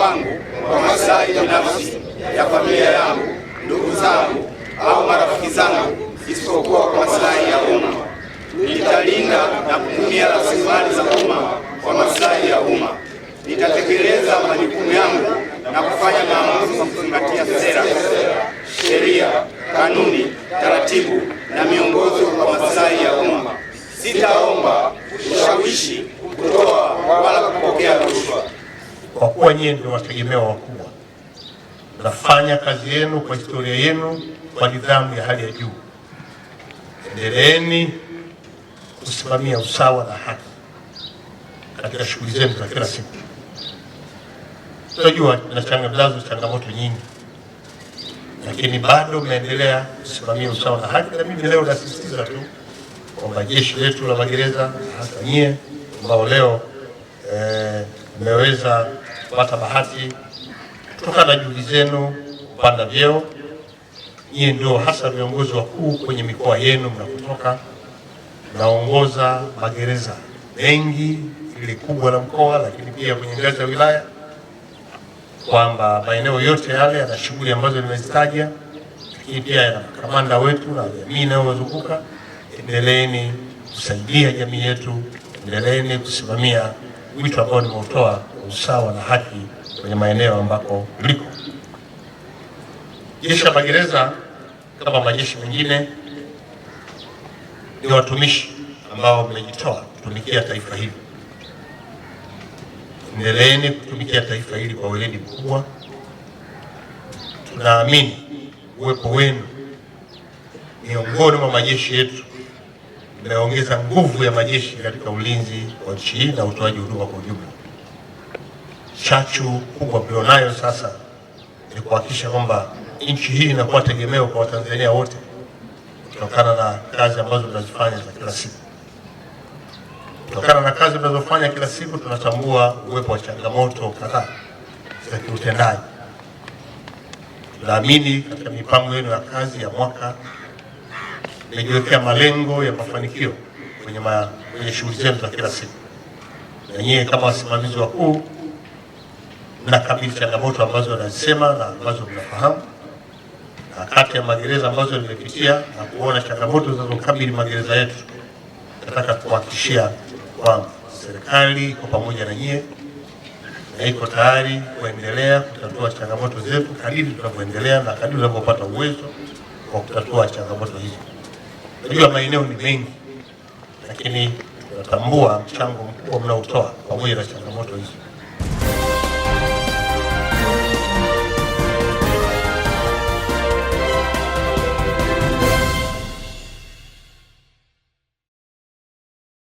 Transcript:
wangu kwa maslahi binafsi ya familia yangu, ndugu zangu au marafiki zangu, isipokuwa kwa maslahi ya umma. Nitalinda na kutumia rasilimali za umma kwa maslahi ya umma. Nitatekeleza majukumu yangu na kufanya maamuzi kwa kuzingatia sera, sheria, kanuni, taratibu na miongozo kwa maslahi ya umma. Sitaomba ushawishi kwa kuwa nyinyi ndio wategemewa wakubwa. nafanya kazi yenu kwa historia yenu kwa nidhamu ya hali ya juu. Endeleeni kusimamia usawa na haki katika shughuli zenu za kila siku. Tunajua nazo changamoto nyingi, lakini bado mnaendelea kusimamia usawa na haki, na mimi leo nasisitiza tu kwamba jeshi letu la magereza, hasa nyie ambao leo eh, mmeweza eh, kupata bahati kutokana na juhudi zenu kupanda vyeo. Nyie ndio hasa viongozi wakuu kwenye mikoa yenu mnakotoka, naongoza magereza mengi, ile kubwa la mkoa, lakini pia kwenye ngazi ya wilaya, kwamba maeneo yote yale yana shughuli ambazo nimezitaja, lakini pia yana kamanda wetu na jamii inayowazunguka. Endeleeni kusaidia jamii yetu, endeleeni kusimamia wito ambao nimeutoa usawa na haki kwenye maeneo ambako liko. Jeshi la magereza kama majeshi mengine ni watumishi ambao mmejitoa kutumikia taifa hili. Endeleeni kutumikia taifa hili kwa weledi mkubwa. Tunaamini uwepo wenu miongoni mwa majeshi yetu umeongeza nguvu ya majeshi katika ulinzi wa nchi hii na utoaji huduma kwa ujumla chachu kubwa mlionayo sasa ni kuhakikisha kwamba nchi hii inakuwa tegemeo kwa Watanzania wote kutokana na kazi ambazo tunazifanya za kila siku. Kutokana na kazi tunazofanya kila siku, tunatambua uwepo wa changamoto kadhaa za kiutendaji. Tunaamini katika mipango yenu ya kazi ya mwaka imejiwekea malengo ya mafanikio kwenye ma, kwenye shughuli zenu za kila siku, na nyie kama wasimamizi wakuu mnakabili changamoto ambazo nazisema na ambazo mnafahamu, na kati ya magereza ambazo nimepitia na kuona changamoto zinazokabili magereza yetu, nataka kuhakikishia kwamba serikali kwa pamoja na nyie na iko tayari kuendelea kutatua changamoto zetu kadiri tunavyoendelea na kadiri tunavyopata uwezo wa kutatua changamoto hizo. Najua maeneo ni mengi, lakini tunatambua mchango mkubwa mnaotoa pamoja na changamoto hizo.